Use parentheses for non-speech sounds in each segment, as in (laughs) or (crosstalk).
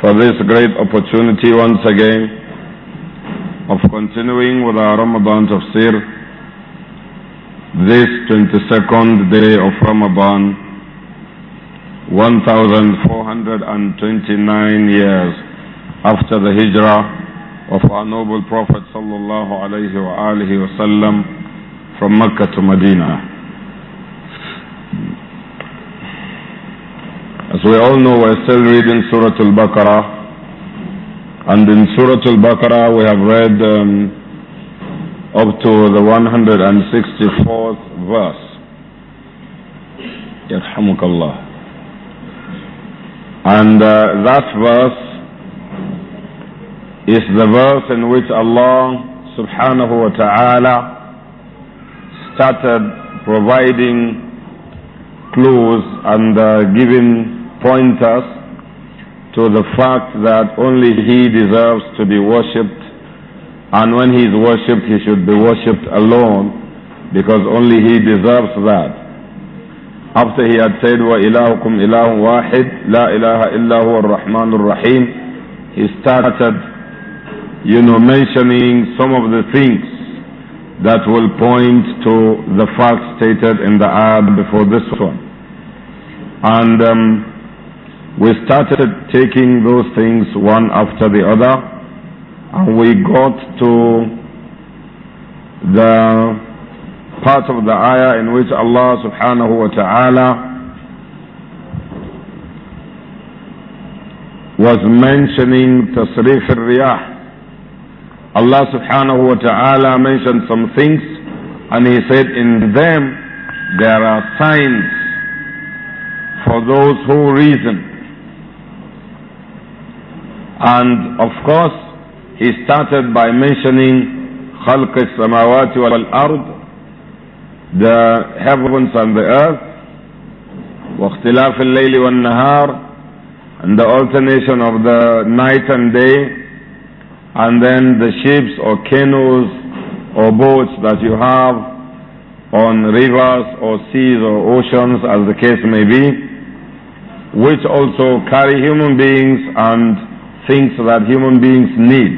for this great opportunity once again of continuing with our Ramadan tafsir this 22nd day of Ramadan 1429 years after the hijrah of our noble prophet sallallahu alaihi wasallam from Mecca to Medina As we all know, we're still reading Surah Al-Baqarah. And in Surah Al-Baqarah, we have read um, up to the 164th verse. Yarhamukallah. And uh, that verse is the verse in which Allah subhanahu wa ta'ala started providing clues and uh, giving point us to the fact that only He deserves to be worshipped, and when He is worshipped, He should be worshipped alone, because only He deserves that. After he had said, Wa وَإِلَهُكُمْ إِلَهٌ وَاحِدٌ لَا إِلَهَ إِلَّا هُوَ الرَّحْمَنُ Rāḥīm, He started, you know, mentioning some of the things that will point to the fact stated in the ayah before this one. And um, we started taking those things one after the other and we got to the part of the ayah in which Allah subhanahu wa ta'ala was mentioning tasrif al-riyah Allah subhanahu wa ta'ala mentioned some things and he said in them there are signs for those who reason and of course, he started by mentioning خلق السماوات والأرض the heavens and the earth واختلاف الليل والنهار and the alternation of the night and day and then the ships or canoes or boats that you have on rivers or seas or oceans as the case may be which also carry human beings and things that human beings need.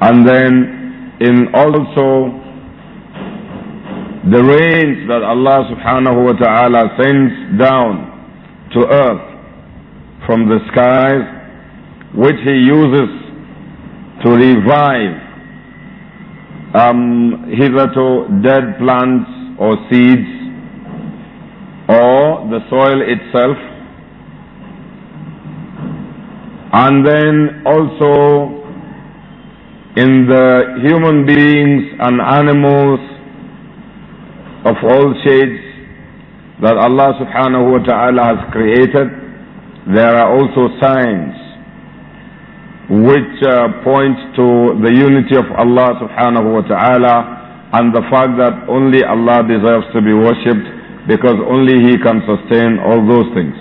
And then in also the rains that Allah subhanahu wa ta'ala sends down to earth from the skies, which He uses to revive um, hitherto dead plants or seeds or the soil itself and then also in the human beings and animals of all shades that Allah subhanahu wa ta'ala has created, there are also signs which uh, point to the unity of Allah subhanahu wa ta'ala and the fact that only Allah deserves to be worshipped because only He can sustain all those things.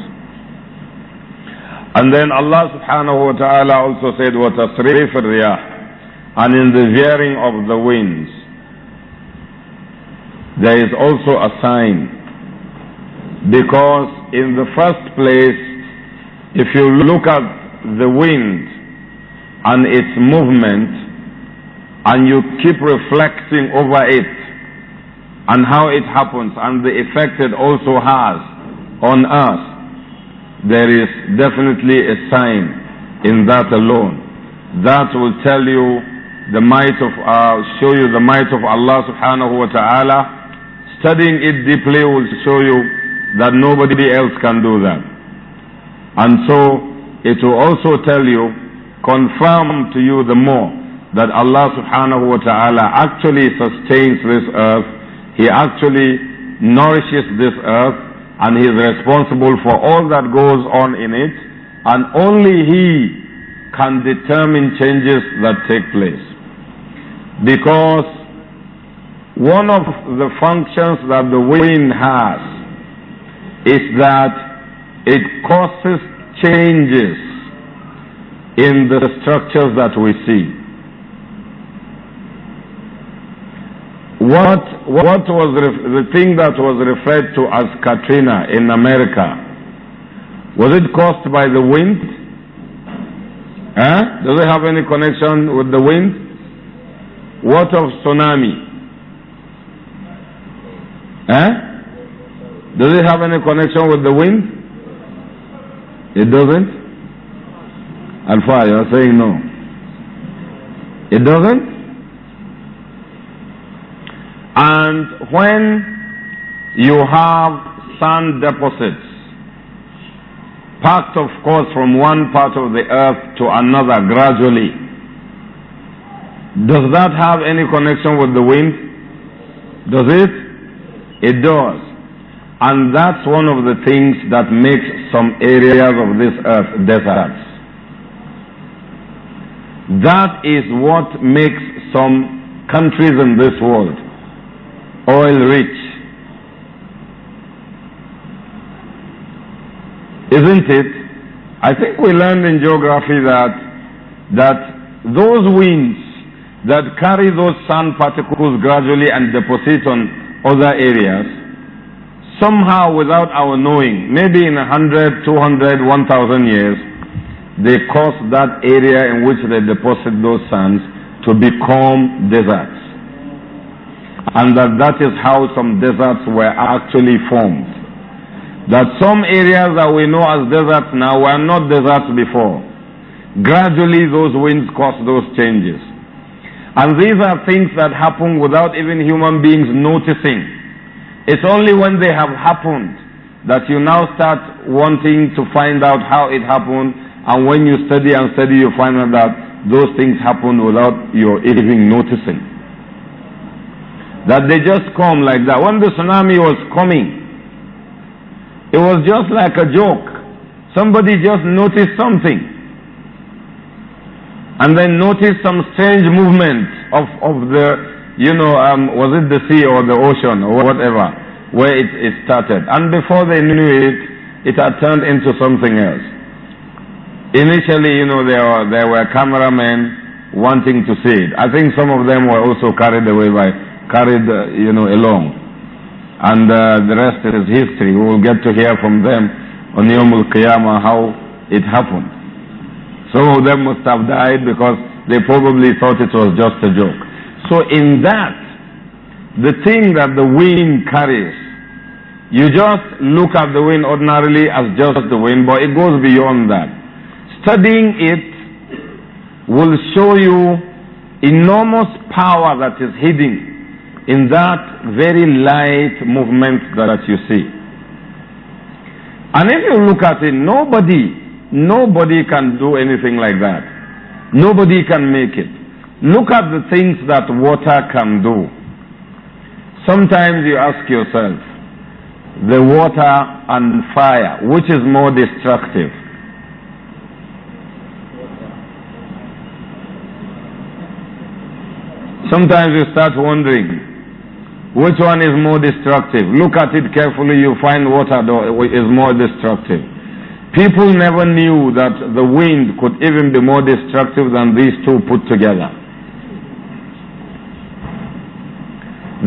And then Allah subhanahu wa ta'ala also said, وَتَصْرِيفِ الرِّيَاحِ And in the veering of the winds, there is also a sign. Because in the first place, if you look at the wind and its movement, and you keep reflecting over it and how it happens and the effect it also has on us, there is definitely a sign in that alone. That will tell you the might of, uh, show you the might of Allah subhanahu wa ta'ala. Studying it deeply will show you that nobody else can do that. And so it will also tell you, confirm to you the more that Allah subhanahu wa ta'ala actually sustains this earth. He actually nourishes this earth and he is responsible for all that goes on in it, and only he can determine changes that take place. Because one of the functions that the wind has is that it causes changes in the structures that we see. What, what was the thing that was referred to as Katrina in America? Was it caused by the wind? Does it have any connection with the wind? What of tsunami? Does it have any connection with the wind? It doesn't? Alpha, you are saying no. It doesn't? And when you have sand deposits, packed of course from one part of the earth to another gradually, does that have any connection with the wind? Does it? It does. And that's one of the things that makes some areas of this earth deserts. That is what makes some countries in this world oil rich. Isn't it? I think we learned in geography that, that those winds that carry those sand particles gradually and deposit on other areas, somehow without our knowing, maybe in 100, 200, 1000 years, they cause that area in which they deposit those sands to become deserts and that that is how some deserts were actually formed. That some areas that we know as deserts now were not deserts before. Gradually those winds cause those changes. And these are things that happen without even human beings noticing. It's only when they have happened that you now start wanting to find out how it happened and when you study and study you find out that those things happened without your even noticing that they just come like that. When the tsunami was coming, it was just like a joke. Somebody just noticed something and then noticed some strange movement of, of the, you know, um, was it the sea or the ocean or whatever, where it, it started. And before they knew it, it had turned into something else. Initially, you know, there were, there were cameramen wanting to see it. I think some of them were also carried away by carried, you know, along. And uh, the rest is history. We will get to hear from them on Yom al-Qiyamah how it happened. Some of them must have died because they probably thought it was just a joke. So in that, the thing that the wind carries, you just look at the wind ordinarily as just the wind, but it goes beyond that. Studying it will show you enormous power that is hidden in that very light movement that you see. And if you look at it, nobody, nobody can do anything like that. Nobody can make it. Look at the things that water can do. Sometimes you ask yourself, the water and fire, which is more destructive? Sometimes you start wondering, which one is more destructive? Look at it carefully, you find water is more destructive. People never knew that the wind could even be more destructive than these two put together.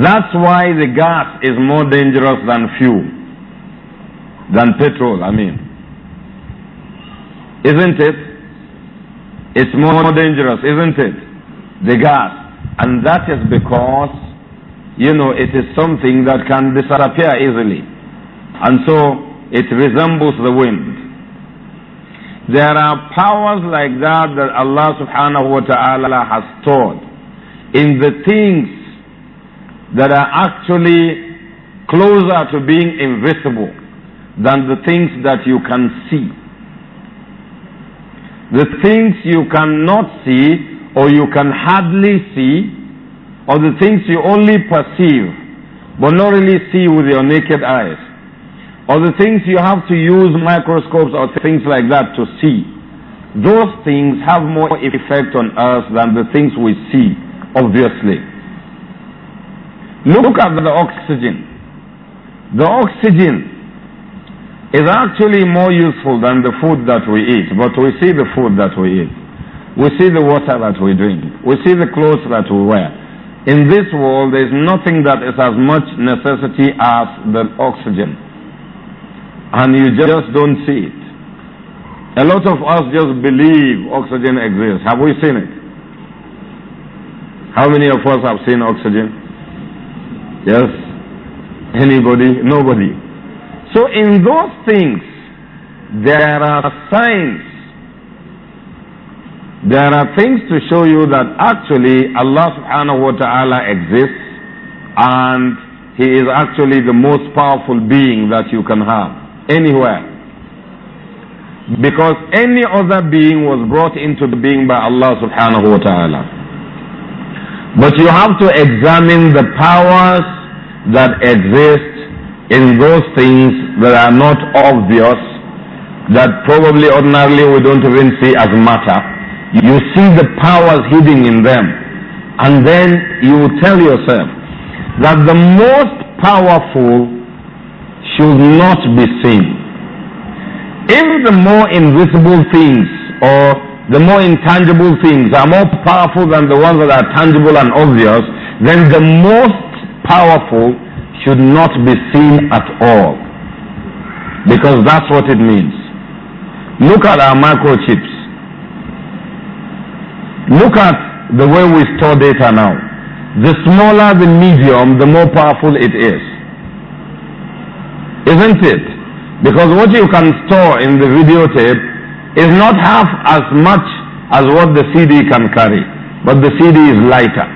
That's why the gas is more dangerous than fuel, than petrol, I mean. Isn't it? It's more dangerous, isn't it? The gas. And that is because you know, it is something that can disappear easily. And so it resembles the wind. There are powers like that that Allah subhanahu wa ta'ala has stored in the things that are actually closer to being invisible than the things that you can see. The things you cannot see or you can hardly see of the things you only perceive but not really see with your naked eyes, or the things you have to use microscopes or things like that to see, those things have more effect on us than the things we see, obviously. Look at the oxygen. The oxygen is actually more useful than the food that we eat, but we see the food that we eat. We see the water that we drink. We see the clothes that we wear. In this world, there is nothing that is as much necessity as the oxygen. And you just don't see it. A lot of us just believe oxygen exists. Have we seen it? How many of us have seen oxygen? Yes? Anybody? Nobody. So in those things, there are signs there are things to show you that actually Allah subhanahu wa ta'ala exists and He is actually the most powerful being that you can have anywhere. Because any other being was brought into being by Allah subhanahu wa ta'ala. But you have to examine the powers that exist in those things that are not obvious, that probably ordinarily we don't even see as matter. You see the powers hidden in them. And then you tell yourself that the most powerful should not be seen. If the more invisible things or the more intangible things are more powerful than the ones that are tangible and obvious, then the most powerful should not be seen at all. Because that's what it means. Look at our microchips. Look at the way we store data now. The smaller the medium, the more powerful it is. Isn't it? Because what you can store in the videotape is not half as much as what the CD can carry, but the CD is lighter.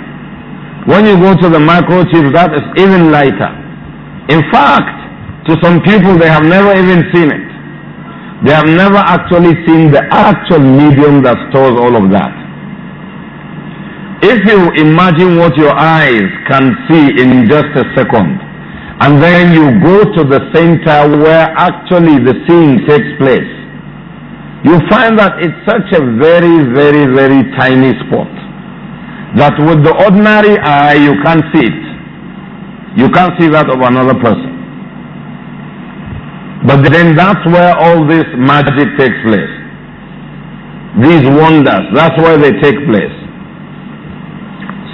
When you go to the microchip, that is even lighter. In fact, to some people, they have never even seen it. They have never actually seen the actual medium that stores all of that. If you imagine what your eyes can see in just a second, and then you go to the center where actually the seeing takes place, you find that it's such a very, very, very tiny spot that with the ordinary eye you can't see it. You can't see that of another person. But then that's where all this magic takes place. These wonders, that's where they take place.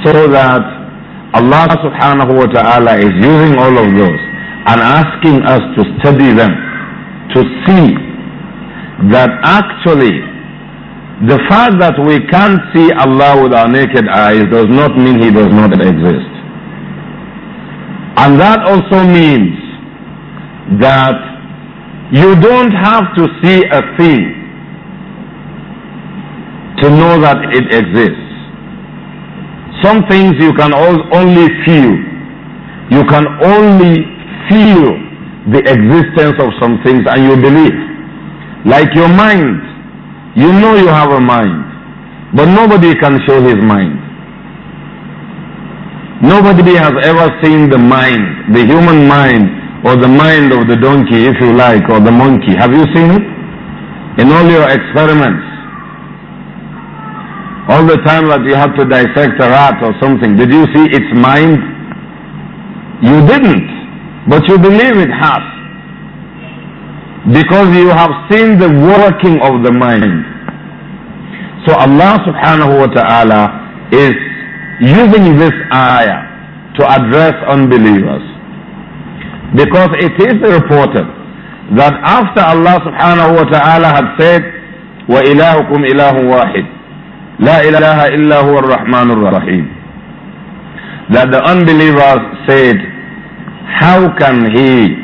So that Allah subhanahu wa ta'ala is using all of those and asking us to study them, to see that actually the fact that we can't see Allah with our naked eyes does not mean He does not exist. And that also means that you don't have to see a thing to know that it exists. Some things you can only feel. You can only feel the existence of some things and you believe. Like your mind. You know you have a mind. But nobody can show his mind. Nobody has ever seen the mind, the human mind, or the mind of the donkey, if you like, or the monkey. Have you seen it? In all your experiments, all the time that you had to dissect a rat or something, did you see its mind? You didn't, but you believe it has. Because you have seen the working of the mind. So Allah subhanahu wa ta'ala is using this ayah to address unbelievers. Because it is reported that after Allah subhanahu wa ta'ala had said, وَإِلَهُكُمْ إِلَهٌ وَاحِدٌ La ilaha illa huwa rahmanur rahim. That the unbelievers said, how can he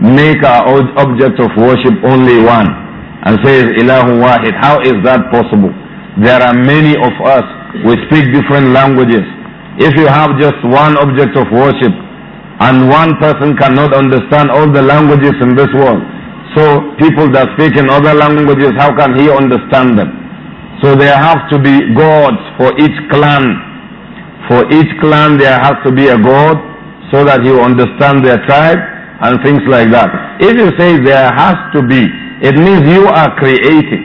make our object of worship only one? And says, ilahu How is that possible? There are many of us. We speak different languages. If you have just one object of worship, and one person cannot understand all the languages in this world. So people that speak in other languages, how can he understand them? So there have to be gods for each clan. For each clan there has to be a god so that you understand their tribe and things like that. If you say there has to be, it means you are creating.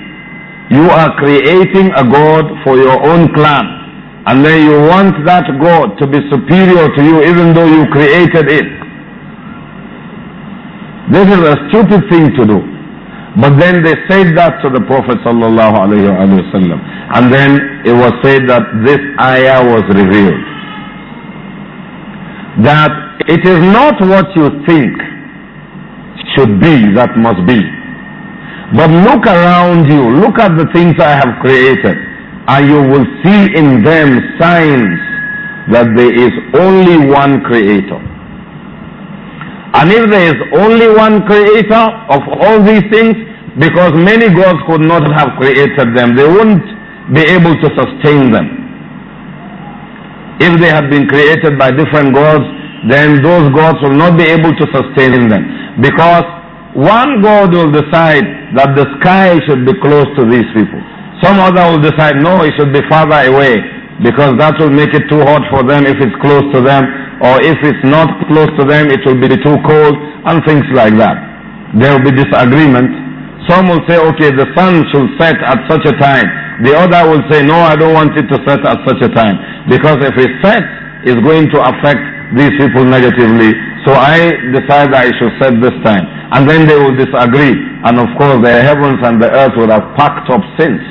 You are creating a god for your own clan. And then you want that god to be superior to you even though you created it. This is a stupid thing to do. But then they said that to the Prophet sallallahu and then it was said that this ayah was revealed. That it is not what you think should be that must be. But look around you, look at the things I have created, and you will see in them signs that there is only one creator. And if there is only one creator of all these things, because many gods could not have created them, they wouldn't be able to sustain them. If they have been created by different gods, then those gods will not be able to sustain them. Because one God will decide that the sky should be close to these people. Some other will decide, no, it should be farther away because that will make it too hot for them if it's close to them, or if it's not close to them, it will be too cold, and things like that. There will be disagreement. Some will say, okay, the sun should set at such a time. The other will say, no, I don't want it to set at such a time, because if it sets, it's going to affect these people negatively. So I decide I should set this time. And then they will disagree. And of course, the heavens and the earth will have packed up since.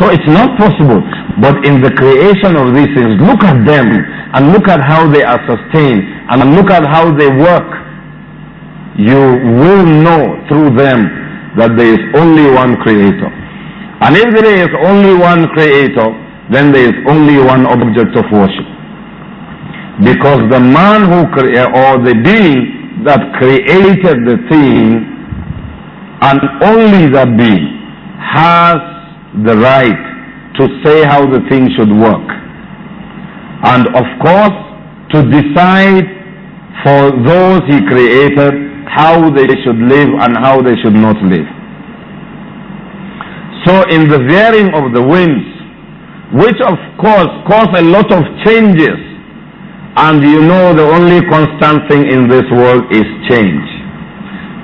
So it's not possible. But in the creation of these things, look at them and look at how they are sustained and look at how they work. You will know through them that there is only one creator. And if there is only one creator, then there is only one object of worship. Because the man who created, or the being that created the thing, and only that being, has the right to say how the thing should work. And of course, to decide for those he created how they should live and how they should not live. So in the veering of the winds, which of course cause a lot of changes, and you know the only constant thing in this world is change.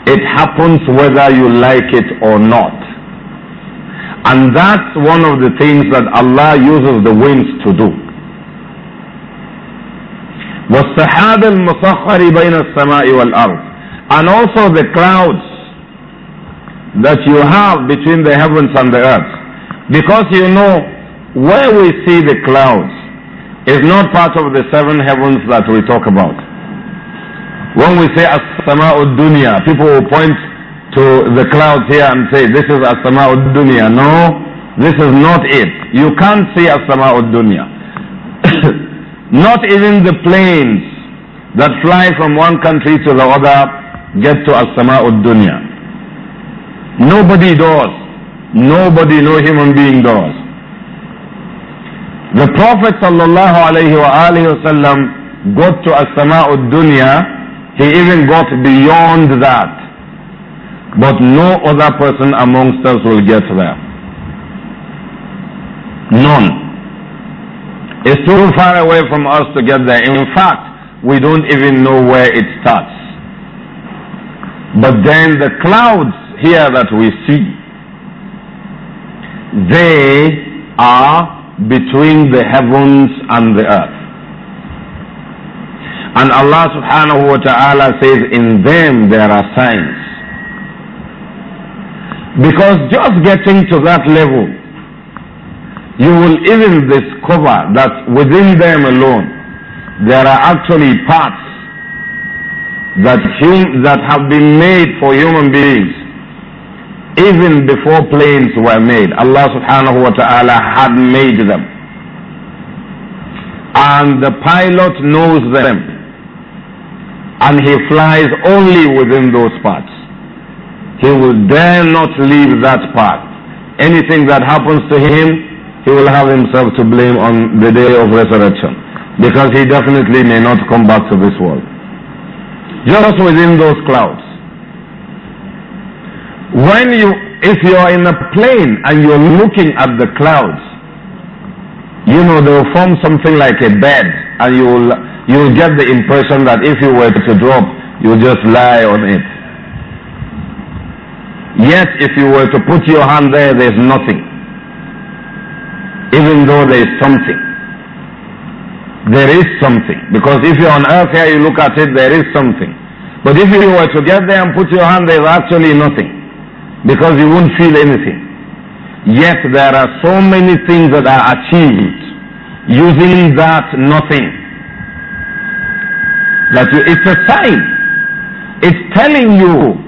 It happens whether you like it or not. And that's one of the things that Allah uses the winds to do. والسحاب المسخر بين السماء والأرض and also the clouds that you have between the heavens and the earth because you know where we see the clouds is not part of the seven heavens that we talk about when we say as-sama'u dunya people will point to the clouds here and say, this is As-Sama'ud Dunya. No, this is not it. You can't see As-Sama'ud Dunya. (coughs) not even the planes that fly from one country to the other get to As-Sama'ud Dunya. Nobody does. Nobody, no human being does. The Prophet sallallahu alayhi wa got to As-Sama'ud Dunya. He even got beyond that. But no other person amongst us will get there. None. It's too far away from us to get there. In fact, we don't even know where it starts. But then the clouds here that we see, they are between the heavens and the earth. And Allah subhanahu wa ta'ala says, in them there are signs. Because just getting to that level, you will even discover that within them alone, there are actually parts that, hum- that have been made for human beings even before planes were made. Allah subhanahu wa ta'ala had made them. And the pilot knows them. And he flies only within those parts. He will dare not leave that path. Anything that happens to him, he will have himself to blame on the day of resurrection. Because he definitely may not come back to this world. Just within those clouds. When you, if you are in a plane and you're looking at the clouds, you know, they will form something like a bed and you will, you will get the impression that if you were to drop, you will just lie on it. Yet if you were to put your hand there, there's nothing. Even though there is something. There is something. Because if you're on earth here, you look at it, there is something. But if you were to get there and put your hand, there's actually nothing. Because you won't feel anything. Yet there are so many things that are achieved using that nothing. That you, it's a sign. It's telling you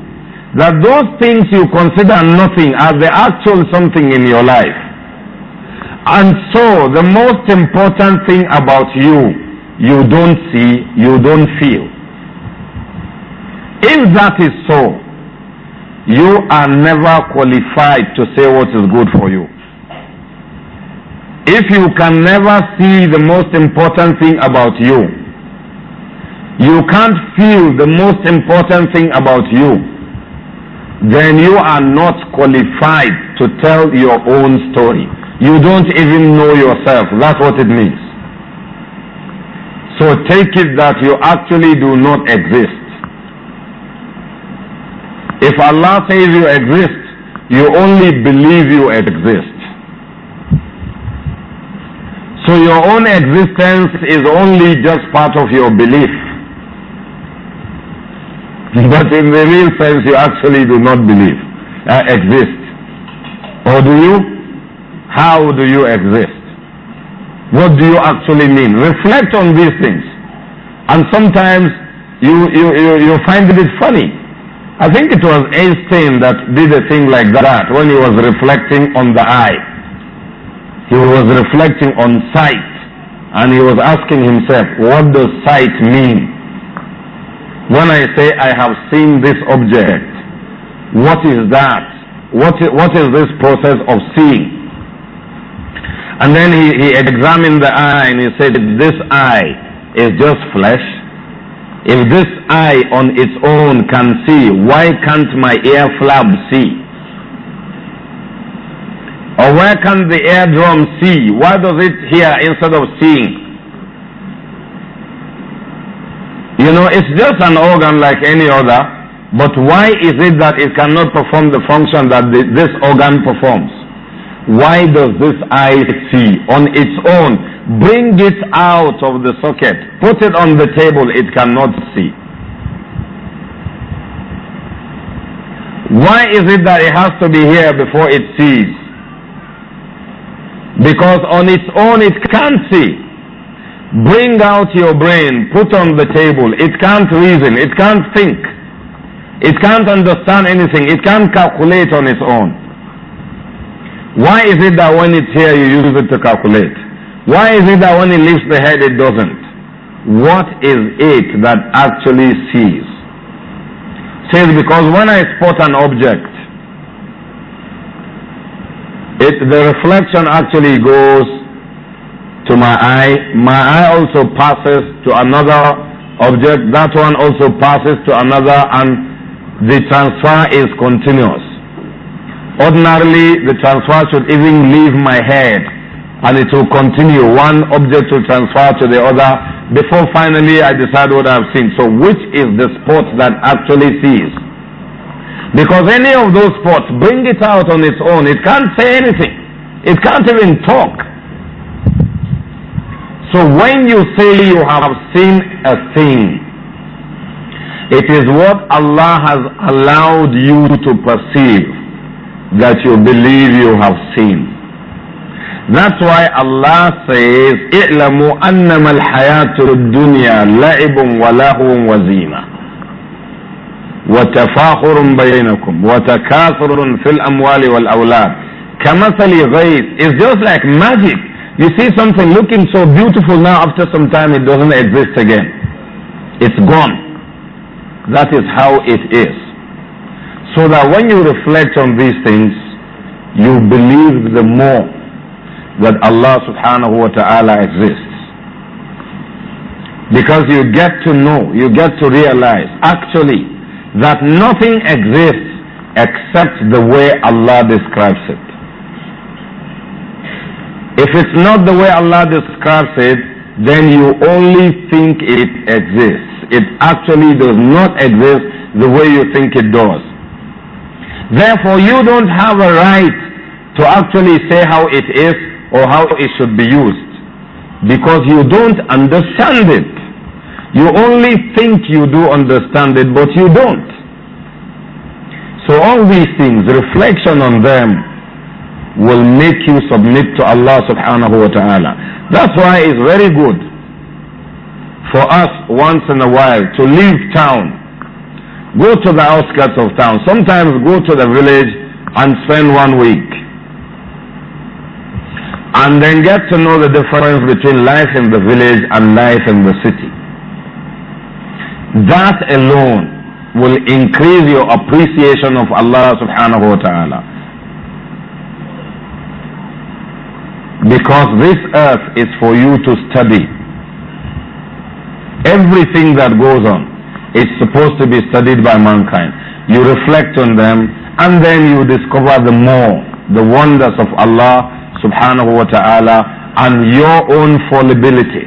that those things you consider nothing are the actual something in your life. And so the most important thing about you, you don't see, you don't feel. If that is so, you are never qualified to say what is good for you. If you can never see the most important thing about you, you can't feel the most important thing about you then you are not qualified to tell your own story. You don't even know yourself. That's what it means. So take it that you actually do not exist. If Allah says you exist, you only believe you exist. So your own existence is only just part of your belief. (laughs) but in the real sense you actually do not believe I uh, exist or do you how do you exist what do you actually mean reflect on these things and sometimes you you you, you find it funny i think it was einstein that did a thing like that when he was reflecting on the eye he was reflecting on sight and he was asking himself what does sight mean when I say I have seen this object, what is that? What is, what is this process of seeing? And then he, he examined the eye and he said, This eye is just flesh. If this eye on its own can see, why can't my ear flab see? Or where can the eardrum see? Why does it hear instead of seeing? You know, it's just an organ like any other, but why is it that it cannot perform the function that the, this organ performs? Why does this eye see on its own? Bring it out of the socket, put it on the table, it cannot see. Why is it that it has to be here before it sees? Because on its own it can not see. Bring out your brain, put on the table. It can't reason, it can't think, it can't understand anything, it can't calculate on its own. Why is it that when it's here you use it to calculate? Why is it that when it lifts the head it doesn't? What is it that actually sees? Says because when I spot an object, it, the reflection actually goes to my eye, my eye also passes to another object, that one also passes to another, and the transfer is continuous. Ordinarily, the transfer should even leave my head and it will continue. One object will transfer to the other before finally I decide what I've seen. So, which is the spot that actually sees? Because any of those spots, bring it out on its own. It can't say anything, it can't even talk. So when you say you have seen a thing, it is what Allah has allowed you to perceive that you believe you have seen. That's why Allah says, اعلموا أنما الحياة الدنيا لعب ولهو وزينة وتفاخر بينكم وتكاثر في الأموال والأولاد كمثل غيث It's just like magic you see something looking so beautiful now, after some time it doesn't exist again. It's gone. That is how it is. So that when you reflect on these things, you believe the more that Allah subhanahu wa ta'ala exists. Because you get to know, you get to realize actually that nothing exists except the way Allah describes it. If it's not the way Allah describes it, then you only think it exists. It actually does not exist the way you think it does. Therefore, you don't have a right to actually say how it is or how it should be used because you don't understand it. You only think you do understand it, but you don't. So all these things, reflection on them, will make you submit to Allah subhanahu wa ta'ala. That's why it's very good for us once in a while to leave town, go to the outskirts of town, sometimes go to the village and spend one week. And then get to know the difference between life in the village and life in the city. That alone will increase your appreciation of Allah subhanahu wa ta'ala. Because this earth is for you to study. Everything that goes on is supposed to be studied by mankind. You reflect on them and then you discover the more, the wonders of Allah subhanahu wa ta'ala and your own fallibility.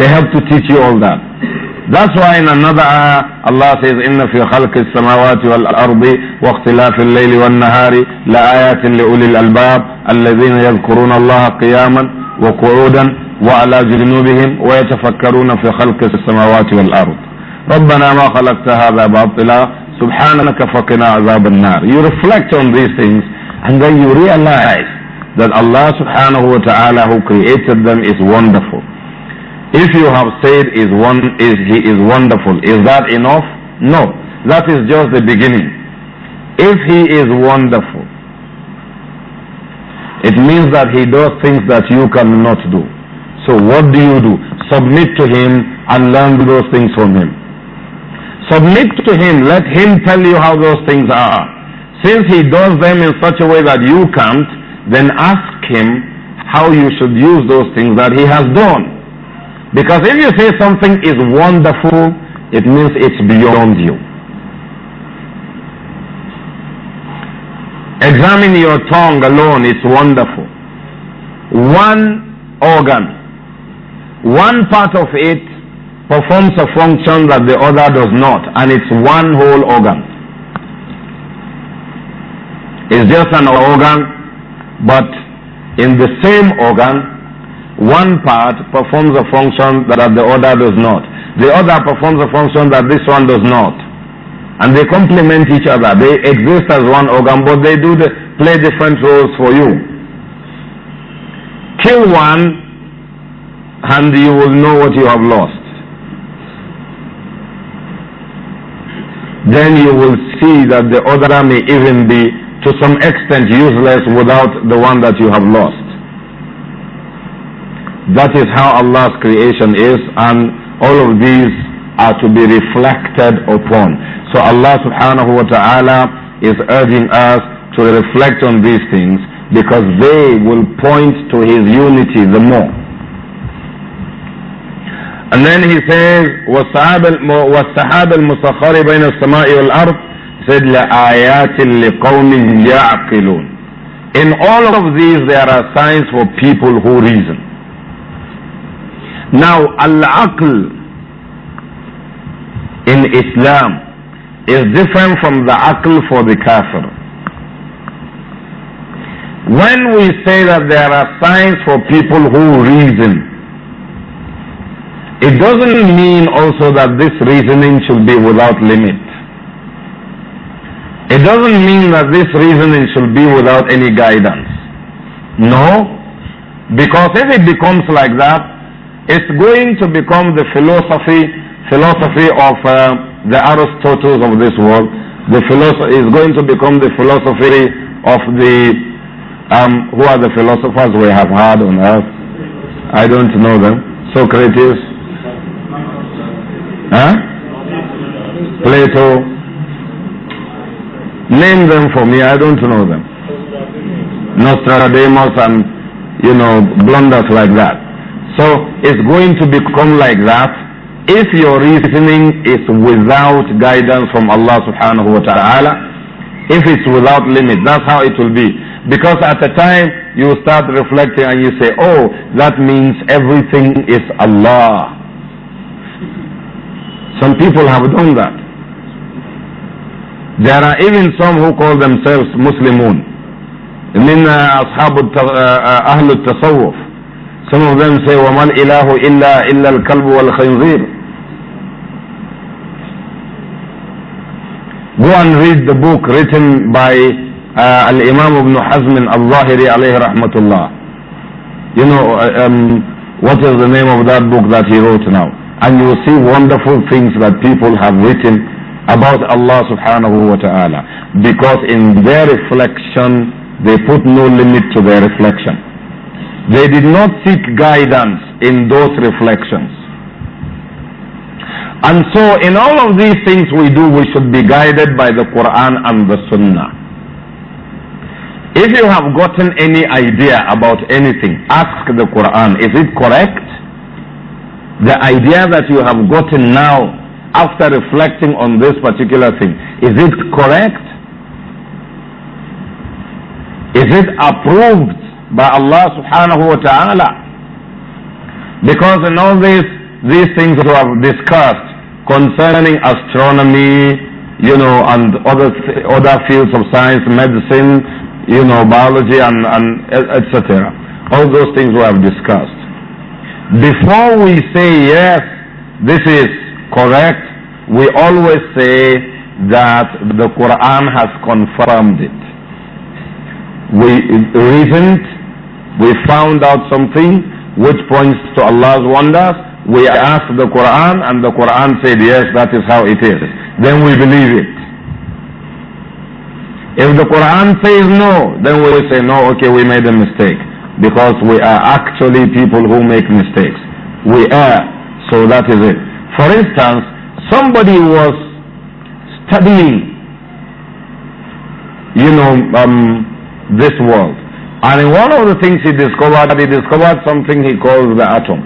They have to teach you all that. That's why in another ayah, Allah says, إِنَّ فِي خَلْقِ السَّمَاوَاتِ وَالْأَرْضِ وَاخْتِلَافِ اللَّيْلِ وَالنَّهَارِ لَآيَاتٍ لِأُولِي الْأَلْبَابِ الَّذِينَ يَذْكُرُونَ اللَّهَ قِيَامًا وَقُعُودًا وَعَلَى جُنُوبِهِمْ وَيَتَفَكَّرُونَ فِي خَلْقِ السَّمَاوَاتِ وَالْأَرْضِ رَبَّنَا مَا خَلَقْتَ هَذَا بَاطِلًا سُبْحَانَكَ فَقِنَا عَذَابَ النَّارِ You reflect on these things and then you realize that Allah subhanahu wa ta'ala who created them is wonderful. If you have said is one is he is wonderful, is that enough? No. That is just the beginning. If he is wonderful, it means that he does things that you cannot do. So what do you do? Submit to him and learn those things from him. Submit to him, let him tell you how those things are. Since he does them in such a way that you can't, then ask him how you should use those things that he has done. Because if you say something is wonderful, it means it's beyond you. Examine your tongue alone, it's wonderful. One organ, one part of it performs a function that the other does not, and it's one whole organ. It's just an organ, but in the same organ, one part performs a function that the other does not. The other performs a function that this one does not. And they complement each other. They exist as one organ, but they do the, play different roles for you. Kill one, and you will know what you have lost. Then you will see that the other may even be, to some extent, useless without the one that you have lost. That is how Allah's creation is and all of these are to be reflected upon. So Allah subhanahu wa ta'ala is urging us to reflect on these things because they will point to His unity the more. And then he says, وَالسَّحَابَ الْمُسَخَّرِ بَيْنَ السَّمَاءِ وَالْأَرْضِ said لَآيَاتٍ لِقَوْمٍ يَعْقِلُونَ In all of these there are signs for people who reason. Now, al-aql in Islam is different from the aql for the kafir. When we say that there are signs for people who reason, it doesn't mean also that this reasoning should be without limit. It doesn't mean that this reasoning should be without any guidance. No, because if it becomes like that, it's going to become the philosophy, philosophy of uh, the Aristotles of this world. The philosophy is going to become the philosophy of the, um, who are the philosophers we have had on earth? I don't know them. Socrates, huh? Plato. Name them for me. I don't know them. Nostradamus and you know blunders like that. So it's going to become like that if your reasoning is without guidance from Allah subhanahu wa ta'ala. If it's without limit, that's how it will be. Because at the time you start reflecting and you say, oh, that means everything is Allah. Some people have done that. There are even some who call themselves Muslimun. من أصحاب Some of them say, وَمَا إِلَّا إِلَّا الْكَلْبُ وَالْخَنْزِيرُ Go and read the book written by uh, Al-Imam Ibn Hazm Al-Zahiri alayhi rahmatullah. You know, um, what is the name of that book that he wrote now? And you will see wonderful things that people have written about Allah subhanahu wa ta'ala. Because in their reflection, they put no limit to their reflection. They did not seek guidance in those reflections. And so in all of these things we do, we should be guided by the Quran and the Sunnah. If you have gotten any idea about anything, ask the Quran, is it correct? The idea that you have gotten now after reflecting on this particular thing, is it correct? Is it approved by Allah subhanahu wa ta'ala. Because in all these, these things that we have discussed concerning astronomy, you know, and other, other fields of science, medicine, you know, biology and, and etc. All those things we have discussed. Before we say yes, this is correct, we always say that the Quran has confirmed it. We reasoned we found out something which points to Allah's wonders. We asked the Quran and the Quran said, yes, that is how it is. Then we believe it. If the Quran says no, then we say, no, okay, we made a mistake. Because we are actually people who make mistakes. We are. So that is it. For instance, somebody was studying, you know, um, this world. And in one of the things he discovered, he discovered something he calls the atom.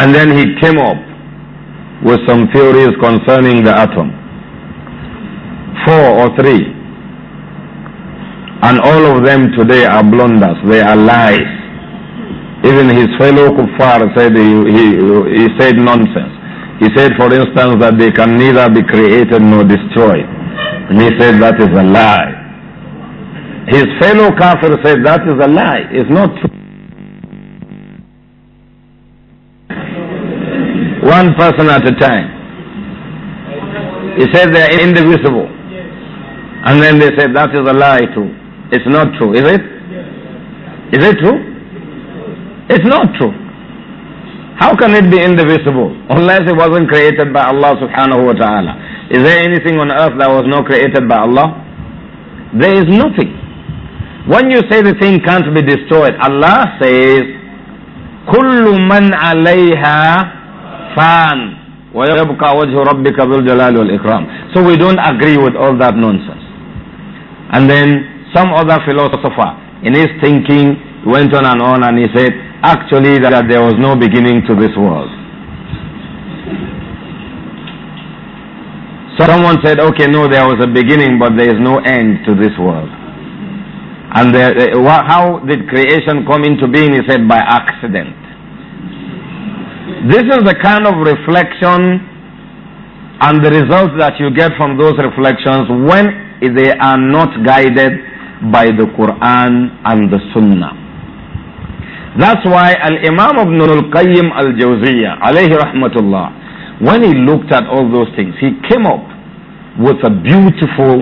And then he came up with some theories concerning the atom. Four or three. And all of them today are blunders, they are lies. Even his fellow kuffar said he, he, he said nonsense. He said, for instance, that they can neither be created nor destroyed. And he said that is a lie. His fellow kafir said, that is a lie, it's not true. One person at a time. He said they are indivisible. And then they said, that is a lie too. It's not true, is it? Is it true? It's not true. How can it be indivisible unless it wasn't created by Allah subhanahu wa ta'ala? Is there anything on earth that was not created by Allah? There is nothing. When you say the thing can't be destroyed, Allah says, "Kullu man عليها fan ويبقى So we don't agree with all that nonsense. And then some other philosopher, in his thinking, went on and on and he said, actually that there was no beginning to this world. Someone said, okay, no, there was a beginning, but there is no end to this world. And the, the, how did creation come into being? He said, by accident. This is the kind of reflection and the results that you get from those reflections when they are not guided by the Quran and the Sunnah. That's why Al-Imam Ibn Al-Qayyim Al-Jawziyah, alayhi rahmatullah, when he looked at all those things, he came up with a beautiful,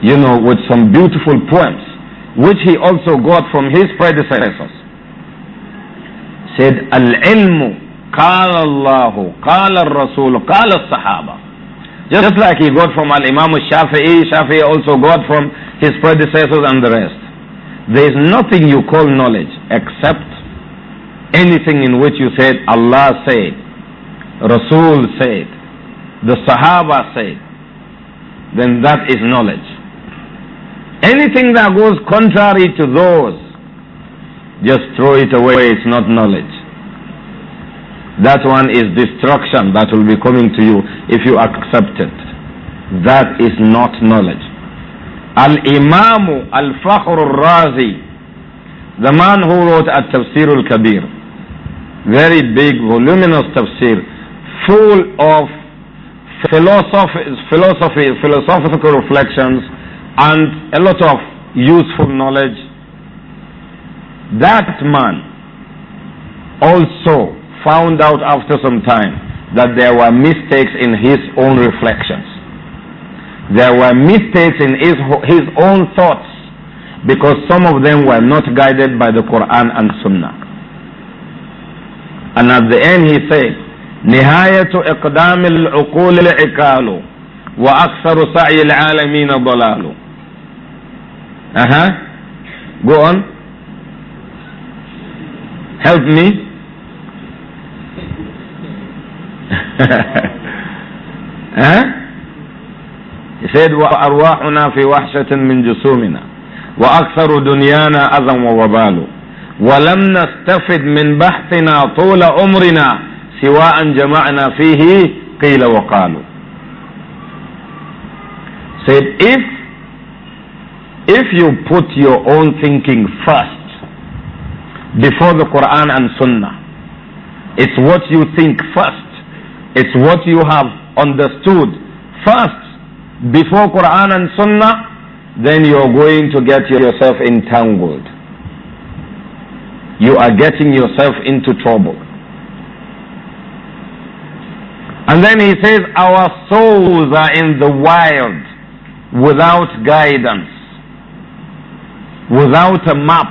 you know, with some beautiful poems which he also got from his predecessors. Said, Al-ilmu, qala Allahu, qala rasul qala sahaba Just like he got from Al-Imam shafii Shafi'i also got from his predecessors and the rest. There is nothing you call knowledge except anything in which you said, Allah said, Rasul said, the Sahaba said, then that is knowledge. Anything that goes contrary to those, just throw it away. It's not knowledge. That one is destruction that will be coming to you if you accept it. That is not knowledge. Al Imam Al Fakhr Al Razi, the man who wrote At Tafsir Al Kabir, very big, voluminous tafsir, full of philosophy, philosophy, philosophical reflections and a lot of useful knowledge, that man also found out after some time that there were mistakes in his own reflections. There were mistakes in his, his own thoughts because some of them were not guided by the Quran and Sunnah. And at the end he said, نهاية إقدام العقول العكال وأكثر سعي العالمين ضلال Uh-huh. Go on. Help me. (laughs) huh? He said, وأرواحنا في وحشة من جسومنا وأكثر دنيانا أذى ووبال ولم نستفد من بحثنا طول عمرنا سواء جمعنا فيه قيل وقالوا said if if you put your own thinking first before the Quran and Sunnah, it's what you think first, it's what you have understood first before Quran and Sunnah, then you're going to get yourself entangled. You are getting yourself into trouble. And then he says, Our souls are in the wild without guidance without a map.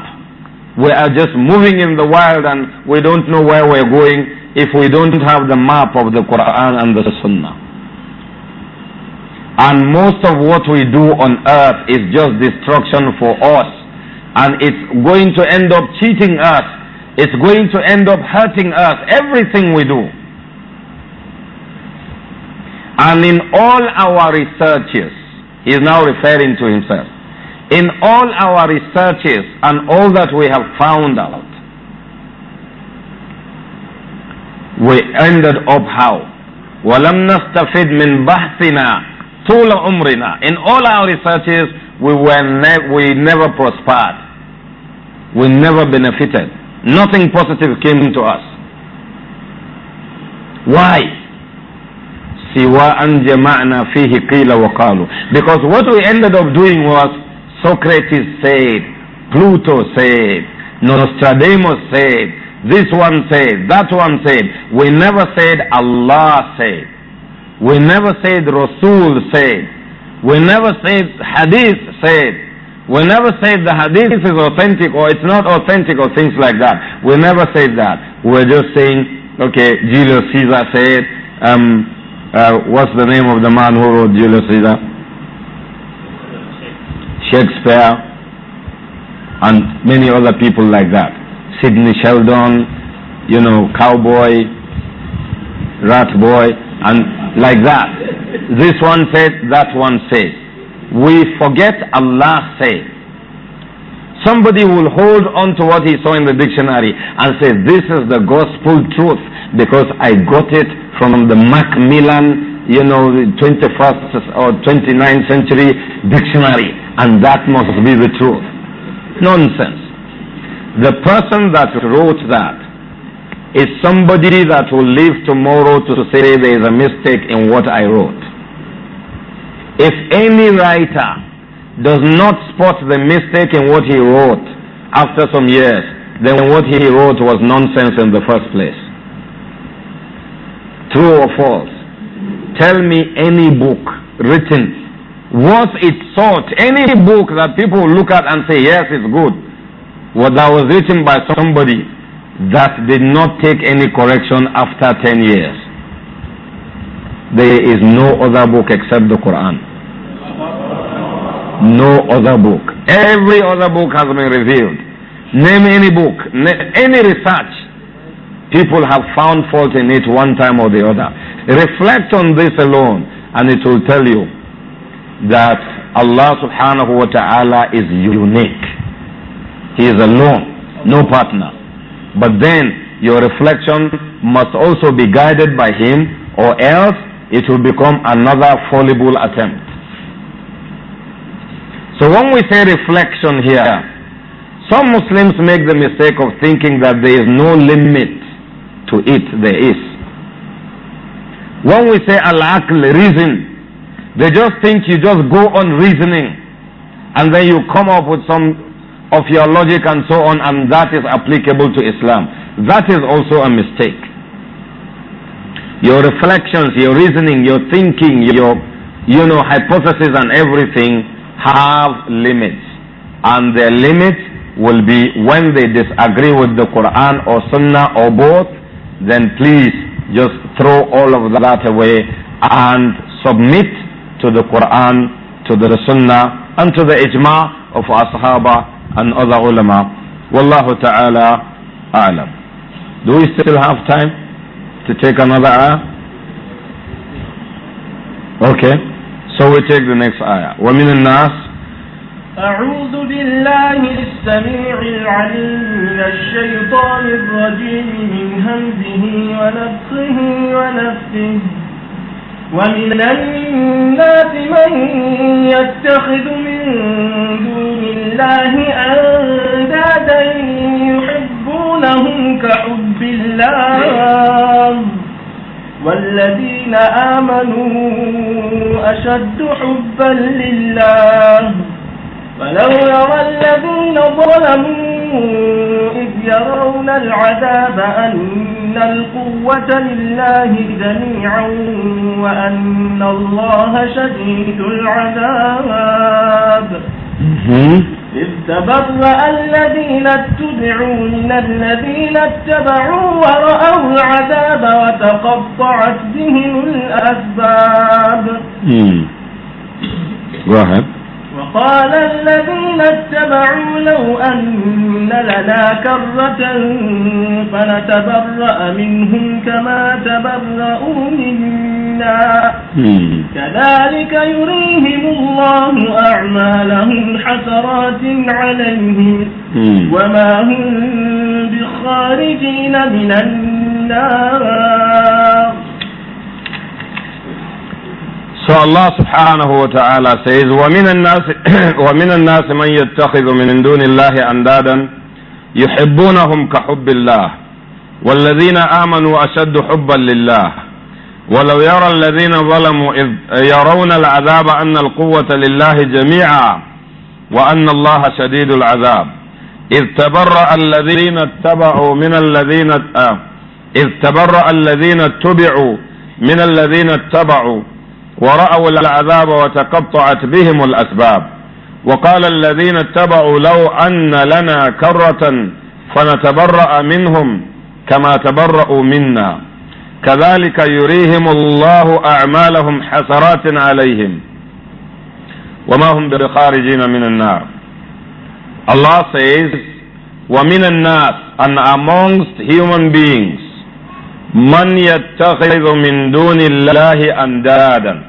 We are just moving in the wild and we don't know where we're going if we don't have the map of the Quran and the Sunnah. And most of what we do on earth is just destruction for us. And it's going to end up cheating us. It's going to end up hurting us. Everything we do. And in all our researches, he's now referring to himself. In all our researches and all that we have found out, we ended up how? ولم نستفد من بحثنا طول umrina. In all our researches, we, were ne we never prospered. We never benefited. Nothing positive came to us. Why? سواء جمعنا فيه قيل وقالوا because what we ended up doing was Socrates said, Pluto said, Nostradamus said, this one said, that one said. We never said Allah said. We never said Rasul said. We never said Hadith said. We never said the Hadith is authentic or it's not authentic or things like that. We never said that. We're just saying, okay, Julius Caesar said, um, uh, what's the name of the man who wrote Julius Caesar? Shakespeare, and many other people like that. Sidney Sheldon, you know, Cowboy, Rat Boy, and like that. This one says, that one says. We forget Allah says. Somebody will hold on to what he saw in the dictionary and say, this is the gospel truth because I got it from the Macmillan, you know, 21st or 29th century dictionary and that must be the truth. Nonsense. The person that wrote that is somebody that will live tomorrow to say there is a mistake in what I wrote. If any writer does not spot the mistake in what he wrote after some years, then what he wrote was nonsense in the first place. True or false? Tell me any book written worth its salt. Any book that people look at and say, yes, it's good, well, that was written by somebody that did not take any correction after 10 years. There is no other book except the Quran. No other book. Every other book has been revealed. Name any book, any research. People have found fault in it one time or the other. Reflect on this alone and it will tell you that Allah subhanahu wa ta'ala is unique. He is alone, no partner. But then your reflection must also be guided by Him, or else it will become another fallible attempt. So when we say reflection here, some Muslims make the mistake of thinking that there is no limit to it, there is. When we say al-aql, reason, they just think you just go on reasoning and then you come up with some of your logic and so on and that is applicable to Islam. That is also a mistake. Your reflections, your reasoning, your thinking, your, you know, hypothesis and everything have limits. And their limits will be when they disagree with the Quran or Sunnah or both, then please just throw all of that away and submit to the Quran, to the Sunnah, and to the Ijma of our Sahaba and other ulama. Wallahu ta'ala a'lam. Do we still have time to take another ayah? Okay, so we take the next ayah. وَمِنَ النَّاسِ أعوذ بالله السميع العليم من الشيطان الرجيم من همزه ونفخه ونفسه ومن الناس من يتخذ من دون الله أندادا يحبونهم كحب الله والذين آمنوا أشد حبا لله فلو يرى الذين ظلموا إذ يرون العذاب أن القوة لله جميعا وأن الله شديد العذاب إذ تبرأ الذين اتبعوا من الذين اتبعوا ورأوا العذاب وتقطعت بهم الأسباب واحد hmm. قال الذين اتبعوا لو أن لنا كرة فنتبرأ منهم كما تبرأوا منا كذلك يريهم الله أعمالهم حسرات عليهم وما هم بخارجين من النار So سبحانه وتعالى wa وَمِنَ النَّاسِ, (clears throat) وَمِنَ النَّاسِ مَنْ يَتَّخِذُ مِنْ دُونِ اللَّهِ أَنْدَادًا يُحِبُّونَهُمْ كَحُبِّ اللَّهِ وَالَّذِينَ آمَنُوا أَشَدُّ حُبًّا لِلَّهِ ولو يرى الذين ظلموا إذ يرون العذاب أن القوة لله جميعا وأن الله شديد العذاب إذ تبرأ الذين اتبعوا من الذين آه، إذ تبرأ الذين اتبعوا من الذين اتبعوا ورأوا العذاب وتقطعت بهم الأسباب وقال الذين اتبعوا لو أن لنا كرة فنتبرأ منهم كما تبرأوا منا كذلك يريهم الله أعمالهم حسرات عليهم وما هم بخارجين من النار Allah says ومن الناس and amongst human beings من يتخذ من دون الله أندادا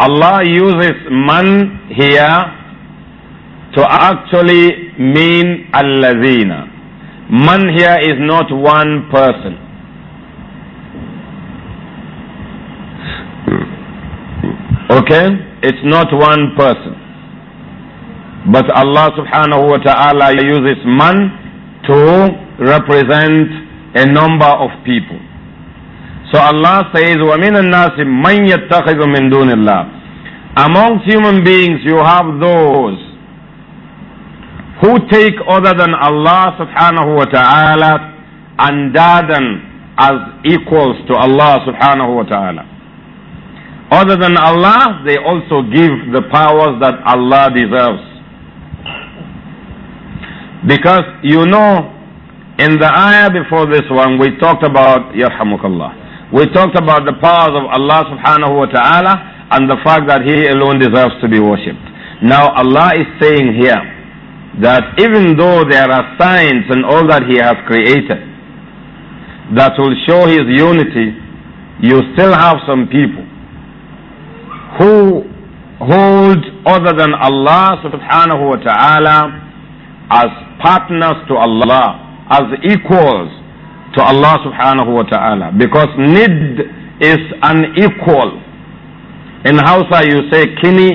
Allah uses man here to actually mean allazina. Man here is not one person. Okay? It's not one person. But Allah subhanahu wa ta'ala uses man to represent a number of people. So Allah says, وَمِنَ النَّاسِ مَنْ يَتَّخِذُ مِنْ دُونِ اللَّهِ Amongst human beings you have those who take other than Allah subhanahu wa ta'ala and dadan as equals to Allah subhanahu wa ta'ala. Other than Allah, they also give the powers that Allah deserves. Because you know, in the ayah before this one, we talked about Yarhamukallah. We talked about the powers of Allah subhanahu wa ta'ala and the fact that He alone deserves to be worshipped. Now Allah is saying here that even though there are signs and all that He has created that will show His unity, you still have some people who hold other than Allah subhanahu wa ta'ala as partners to Allah, as equals to Allah subhanahu wa ta'ala because need is unequal. In Hausa you say kini,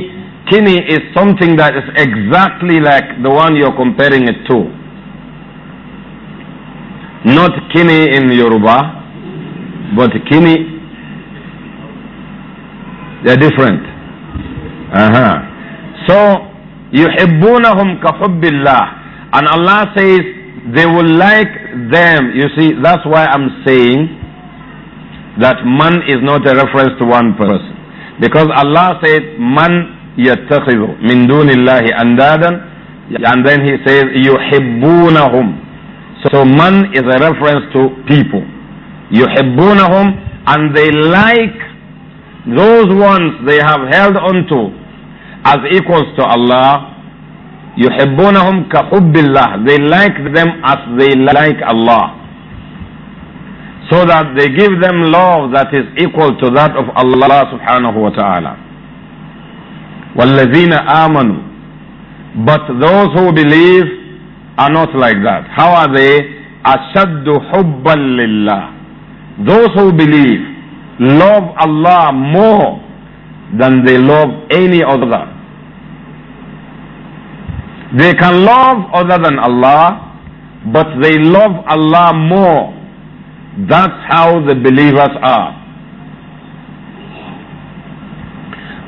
kini is something that is exactly like the one you're comparing it to. Not kini in Yoruba, but kini. They're different. Uh-huh. So, يحبونهم كحب And Allah says, they will like them. You see, that's why I'm saying that man is not a reference to one person. Because Allah said, man yattakhidhu min dunillahi andadan. And then he says, yuhibbunahum. So man is a reference to people. Yuhibbunahum. And they like those ones they have held on to as equals to Allah يحبونهم كحب الله they like them as they like Allah so that they give them love that is equal to that of Allah subhanahu wa ta'ala وَالَّذِينَ آمَنُوا but those who believe are not like that how are they أَشَدُّ حُبًّا لِلَّهِ those who believe love Allah more than they love any other they can love other than Allah, but they love Allah more. That's how the believers are.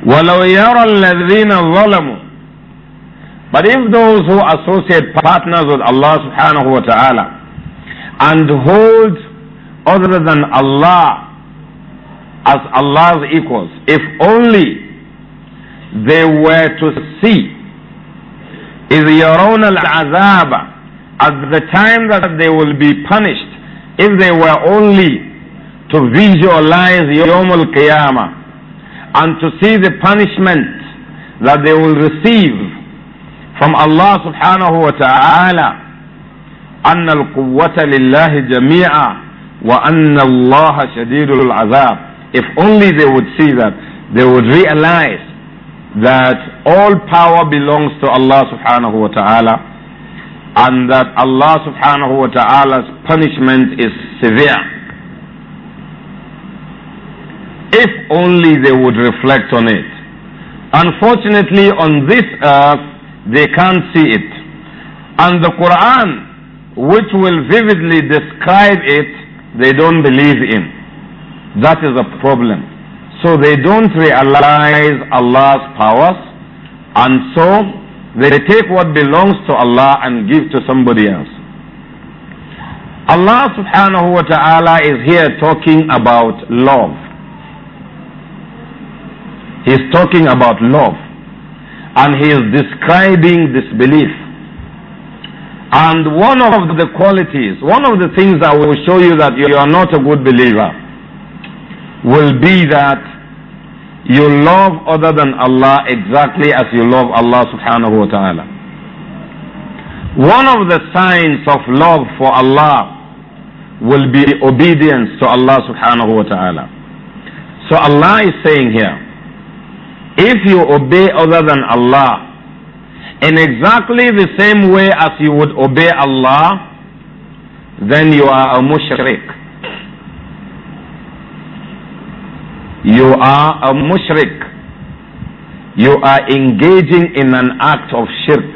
وَلَوْ يَرَى الَّذِينَ ظَلَمُوا But if those who associate partners with Allah subhanahu wa ta'ala and hold other than Allah as Allah's equals, if only they were to see is إِذْ al-Azab At the time that they will be punished, if they were only to visualize Yawm al-Qiyamah and to see the punishment that they will receive from Allah subhanahu wa ta'ala أن القوة لله جميعا وأن الله شديد العذاب if only they would see that they would realize that all power belongs to Allah subhanahu wa ta'ala and that Allah subhanahu wa ta'ala's punishment is severe. If only they would reflect on it. Unfortunately, on this earth, they can't see it. And the Quran, which will vividly describe it, they don't believe in. That is a problem. So they don't realize Allah's powers and so they take what belongs to Allah and give to somebody else. Allah subhanahu wa ta'ala is here talking about love. He's talking about love and he is describing disbelief. And one of the qualities, one of the things that will show you that you are not a good believer will be that you love other than Allah exactly as you love Allah subhanahu wa ta'ala. One of the signs of love for Allah will be obedience to Allah subhanahu wa ta'ala. So Allah is saying here, if you obey other than Allah in exactly the same way as you would obey Allah, then you are a mushrik. You are a mushrik. You are engaging in an act of shirk.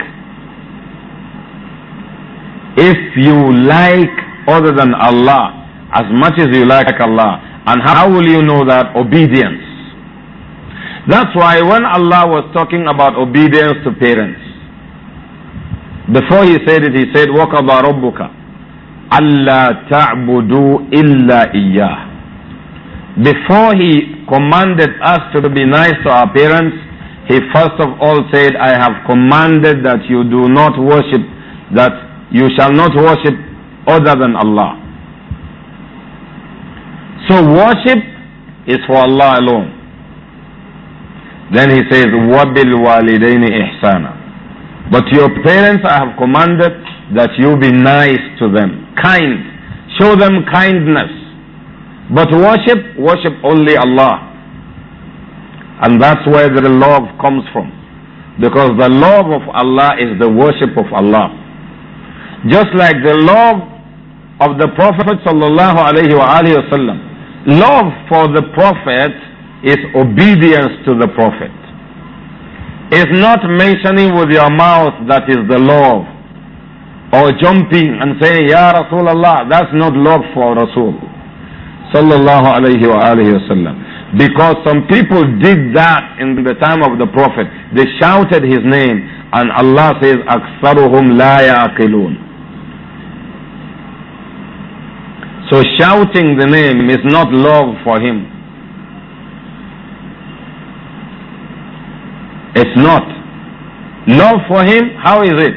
If you like other than Allah, as much as you like Allah, and how will you know that? Obedience. That's why when Allah was talking about obedience to parents, before he said it, he said, وَقَضَى رَبُّكَ أَلَّا تَعْبُدُوا إِلَّا إِيَّاهُ Before he commanded us to be nice to our parents, he first of all said, I have commanded that you do not worship, that you shall not worship other than Allah. So worship is for Allah alone. Then he says, وَبِالْوَالِدَيْنِ ihsana," But your parents I have commanded that you be nice to them, kind. Show them kindness. But worship, worship only Allah. And that's where the love comes from. Because the love of Allah is the worship of Allah. Just like the love of the Prophet sallallahu alaihi wasallam. Love for the Prophet is obedience to the Prophet. It's not mentioning with your mouth that is the love. Or jumping and saying, Ya Rasulullah, that's not love for Rasul sallallahu alayhi wa wasallam. Because some people did that in the time of the Prophet. They shouted his name and Allah says, أَكْثَرُهُمْ لَا يَعْقِلُونَ So shouting the name is not love for him. It's not. Love for him, how is it?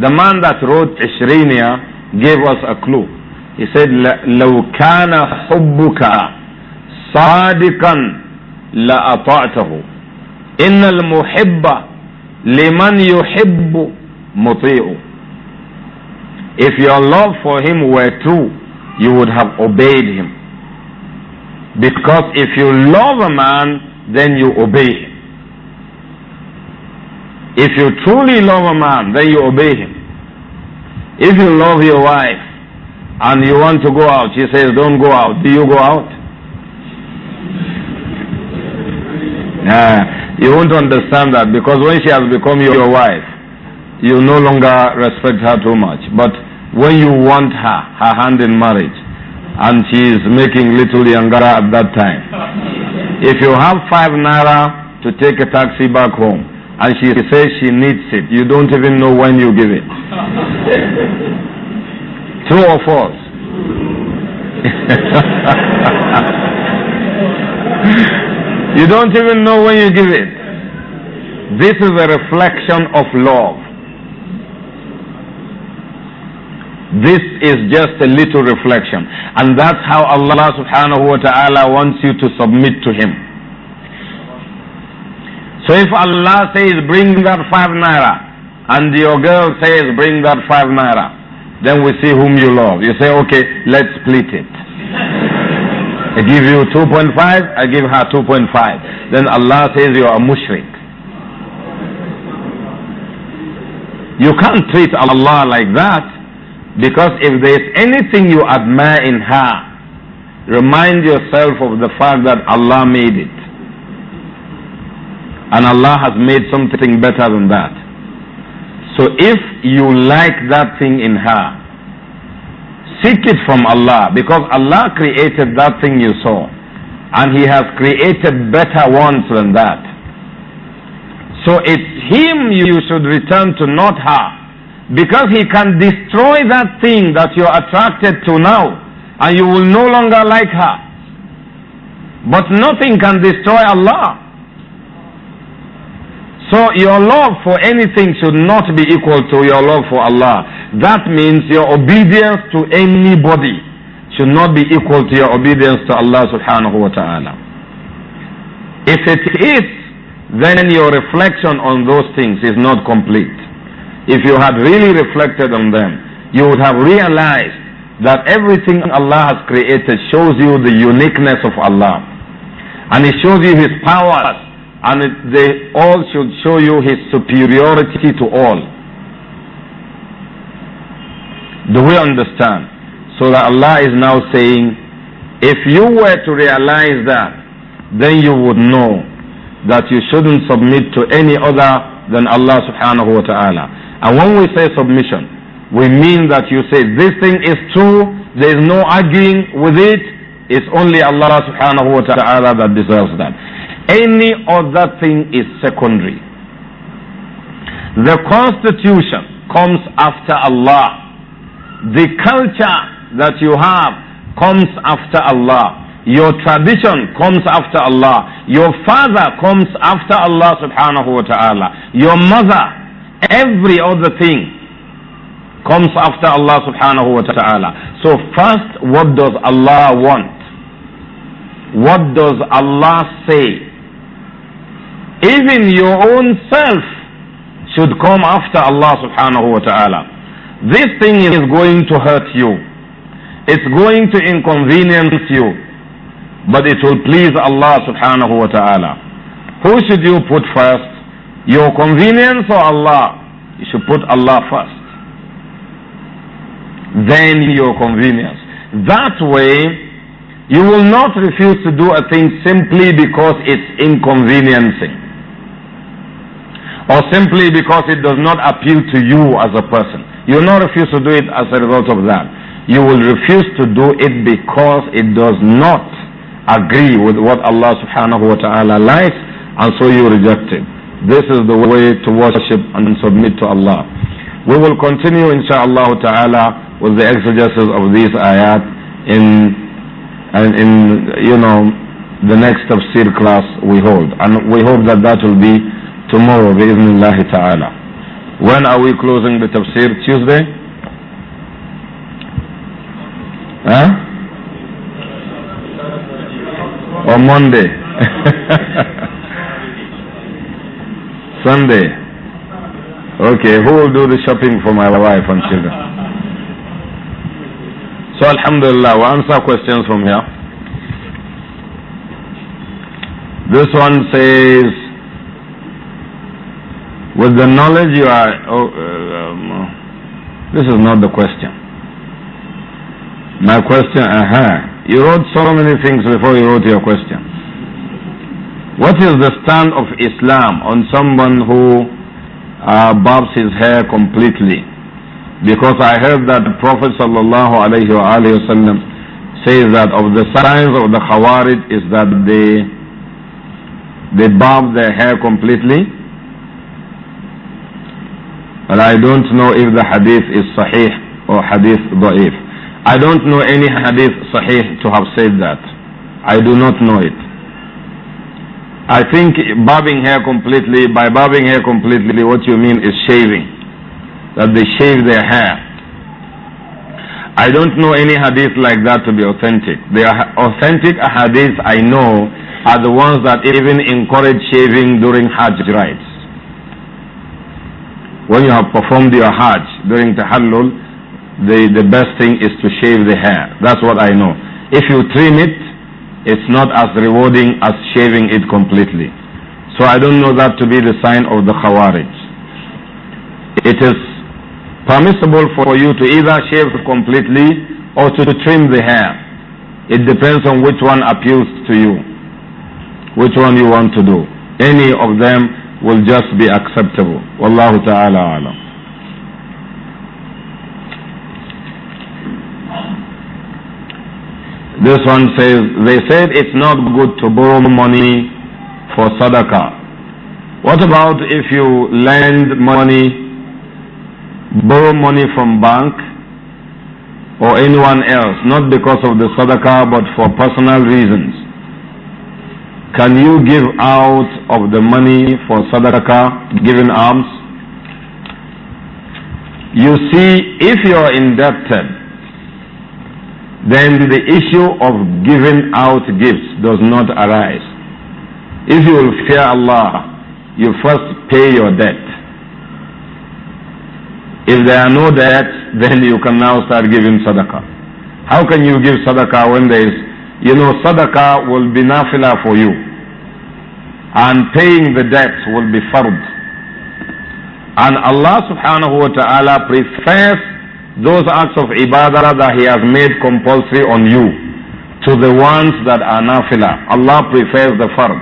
The man that wrote Ishrinia gave us a clue. He said, لو كان حبك صادقا لأطعته إن المحب لمن يحب مطيع If your love for him were true, you would have obeyed him. Because if you love a man, then you obey him. If you truly love a man, then you obey him. If you love your wife, and you want to go out. She says, Don't go out. Do you go out? Uh, you won't understand that because when she has become your wife, you no longer respect her too much. But when you want her, her hand in marriage, and she is making little yangara at that time, if you have five naira to take a taxi back home, and she says she needs it, you don't even know when you give it. (laughs) True or false? you don't even know when you give it. This is a reflection of love. This is just a little reflection. And that's how Allah subhanahu wa ta'ala wants you to submit to Him. So if Allah says, bring that five naira, and your girl says, bring that five naira, then we see whom you love. You say, okay, let's split it. I give you 2.5, I give her 2.5. Then Allah says you are a mushrik. You can't treat Allah like that because if there is anything you admire in her, remind yourself of the fact that Allah made it. And Allah has made something better than that. So if you like that thing in her, seek it from Allah because Allah created that thing you saw and He has created better ones than that. So it's Him you should return to, not her. Because He can destroy that thing that you're attracted to now and you will no longer like her. But nothing can destroy Allah. So your love for anything should not be equal to your love for Allah. That means your obedience to anybody should not be equal to your obedience to Allah subhanahu wa ta'ala. If it is, then your reflection on those things is not complete. If you had really reflected on them, you would have realized that everything Allah has created shows you the uniqueness of Allah. And it shows you His powers and they all should show you his superiority to all. Do we understand? So that Allah is now saying, if you were to realize that, then you would know that you shouldn't submit to any other than Allah subhanahu wa ta'ala. And when we say submission, we mean that you say this thing is true, there is no arguing with it, it's only Allah subhanahu wa ta'ala that deserves that. Any other thing is secondary. The constitution comes after Allah. The culture that you have comes after Allah. Your tradition comes after Allah. Your father comes after Allah subhanahu wa ta'ala. Your mother, every other thing comes after Allah subhanahu wa ta'ala. So first, what does Allah want? What does Allah say? Even your own self should come after Allah subhanahu wa ta'ala. This thing is going to hurt you. It's going to inconvenience you. But it will please Allah subhanahu wa ta'ala. Who should you put first? Your convenience or Allah? You should put Allah first. Then your convenience. That way, you will not refuse to do a thing simply because it's inconveniencing or simply because it does not appeal to you as a person. You will not refuse to do it as a result of that. You will refuse to do it because it does not agree with what Allah subhanahu wa ta'ala likes and so you reject it. This is the way to worship and submit to Allah. We will continue insha'Allah ta'ala with the exegesis of these ayat in, and in, you know, the next tafsir class we hold. And we hope that that will be Tomorrow, bi'idhnillahi ta'ala. When are we closing the tafsir? Tuesday? Huh? Or Monday? (laughs) Sunday? Okay, who will do the shopping for my wife and children? So Alhamdulillah, we'll answer questions from here. This one says, with the knowledge you are. Oh, uh, um, this is not the question. My question, Uh -huh. You wrote so many things before you wrote your question. What is the stand of Islam on someone who uh, his hair completely? Because I heard that the Prophet sallallahu alaihi wasallam says that of the signs of the Khawarij is that they they barb their hair completely but I don't know if the hadith is sahih or hadith da'if. I don't know any hadith sahih to have said that. I do not know it. I think bobbing hair completely, by bobbing hair completely, what you mean is shaving. That they shave their hair. I don't know any hadith like that to be authentic. The authentic hadiths I know are the ones that even encourage shaving during Hajj rites when you have performed your Hajj during Tahallul, the, the best thing is to shave the hair. That's what I know. If you trim it, it's not as rewarding as shaving it completely. So I don't know that to be the sign of the Khawarij. It is permissible for you to either shave completely or to trim the hair. It depends on which one appeals to you, which one you want to do. Any of them will just be acceptable. Wallahu ta'ala alam. This one says, they said it's not good to borrow money for sadaqah. What about if you lend money, borrow money from bank or anyone else, not because of the sadaqah but for personal reasons? Can you give out of the money for sadaqah, giving alms? You see, if you are indebted, then the issue of giving out gifts does not arise. If you will fear Allah, you first pay your debt. If there are no debts, (laughs) then you can now start giving sadaqah. How can you give sadaqah when there is you know, sadaqah will be nafilah for you. And paying the debts will be fard. And Allah subhanahu wa ta'ala prefers those acts of ibadah that He has made compulsory on you to the ones that are nafilah. Allah prefers the fard.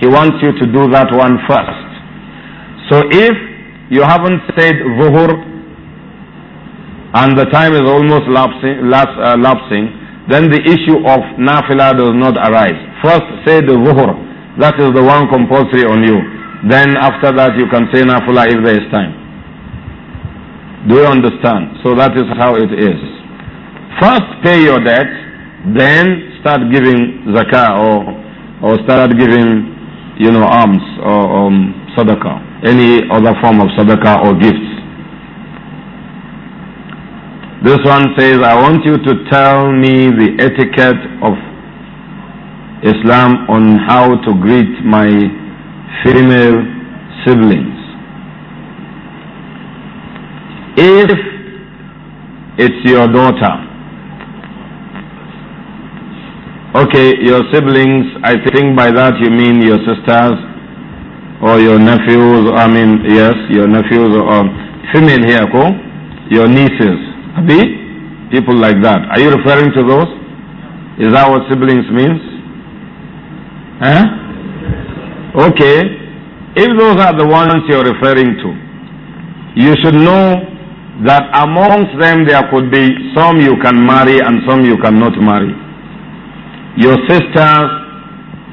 He wants you to do that one first. So if you haven't said zuhur and the time is almost lapsing, laps, uh, lapsing then the issue of nafila does not arise. First say the zuhur, that is the one compulsory on you. Then after that you can say nafila if there is time. Do you understand? So that is how it is. First pay your debt, then start giving zakah or, or start giving, you know, alms or um, sadaqah, any other form of sadaqah or gifts. This one says, I want you to tell me the etiquette of Islam on how to greet my female siblings. If it's your daughter, okay, your siblings, I think by that you mean your sisters or your nephews, I mean, yes, your nephews or um, female here, your nieces the people like that. Are you referring to those? Is that what siblings means? Huh? Okay. If those are the ones you're referring to, you should know that amongst them there could be some you can marry and some you cannot marry. Your sisters,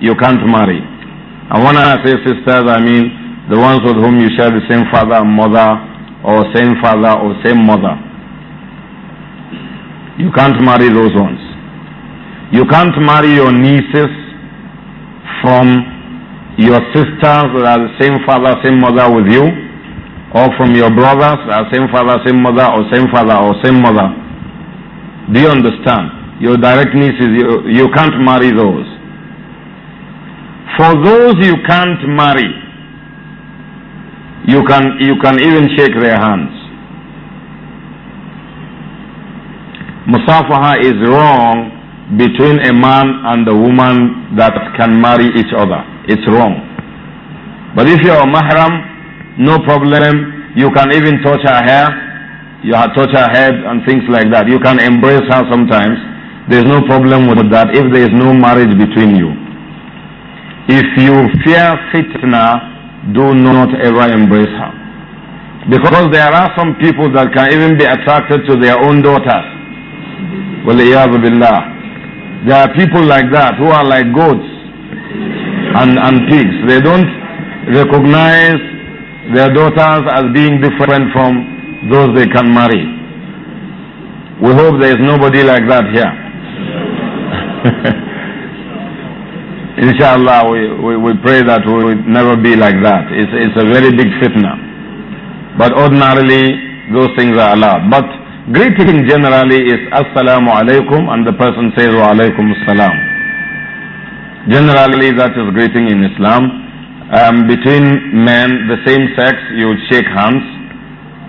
you can't marry. And when I say sisters, I mean the ones with whom you share the same father and mother, or same father or same mother. You can't marry those ones. You can't marry your nieces from your sisters that are the same father, same mother with you, or from your brothers that are same father, same mother, or same father, or same mother. Do you understand? Your direct nieces, you, you can't marry those. For those you can't marry, you can, you can even shake their hands. musafaha is wrong between a man and a woman that can marry each other. It's wrong. But if you're a mahram, no problem. You can even touch her hair. You touch her head and things like that. You can embrace her sometimes. There's no problem with that if there is no marriage between you. If you fear fitna, do not ever embrace her. Because there are some people that can even be attracted to their own daughters وَلِيَاذُ There are people like that who are like goats and, and pigs. They don't recognize their daughters as being different from those they can marry. We hope there is nobody like that here. (laughs) Inshallah, we, we, we, pray that we will never be like that. It's, it's a very big fitna. But ordinarily, those things are allowed. But Greeting generally is Assalamu alaikum and the person says Wa alaikum Assalam. Generally that is greeting in Islam. Um, between men, the same sex, you shake hands.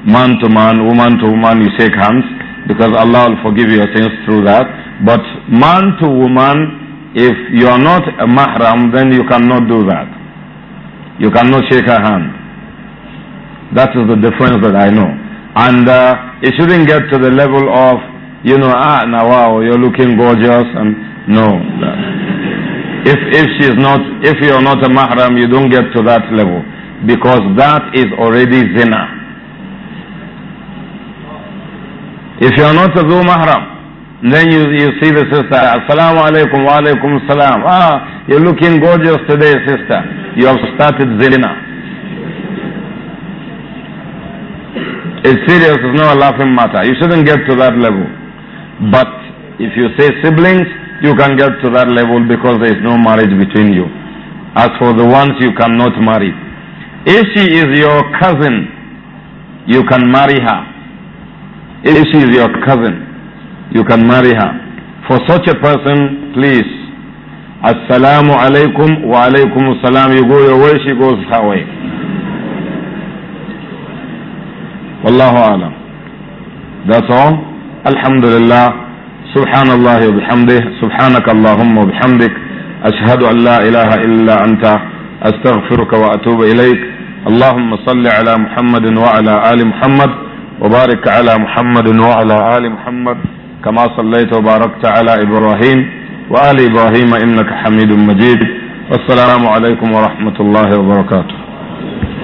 Man to man, woman to woman, you shake hands because Allah will forgive your sins through that. But man to woman, if you are not a mahram, then you cannot do that. You cannot shake her hand. That is the difference that I know. And uh, it shouldn't get to the level of, you know, ah, now wow, you're looking gorgeous. And no. if, if she's not, if you're not a mahram, you don't get to that level. Because that is already zina. If you're not a Dhu Mahram, then you, you see the sister, Assalamu alaikum wa alaikum salam. Ah, you're looking gorgeous today, sister. You have started zina. It's serious, it's not a laughing matter. You shouldn't get to that level. But if you say siblings, you can get to that level because there is no marriage between you. As for the ones you cannot marry, if she is your cousin, you can marry her. If she is your cousin, you can marry her. For such a person, please, Assalamu alaikum wa alaikum assalam. You go your way, she goes her way. والله أعلم That's all. الحمد لله سبحان الله وبحمده سبحانك اللهم وبحمدك أشهد أن لا إله إلا أنت أستغفرك وأتوب إليك اللهم صل على محمد وعلى آل محمد وبارك على محمد وعلى آل محمد كما صليت وباركت على إبراهيم وآل إبراهيم إنك حميد مجيد والسلام عليكم ورحمة الله وبركاته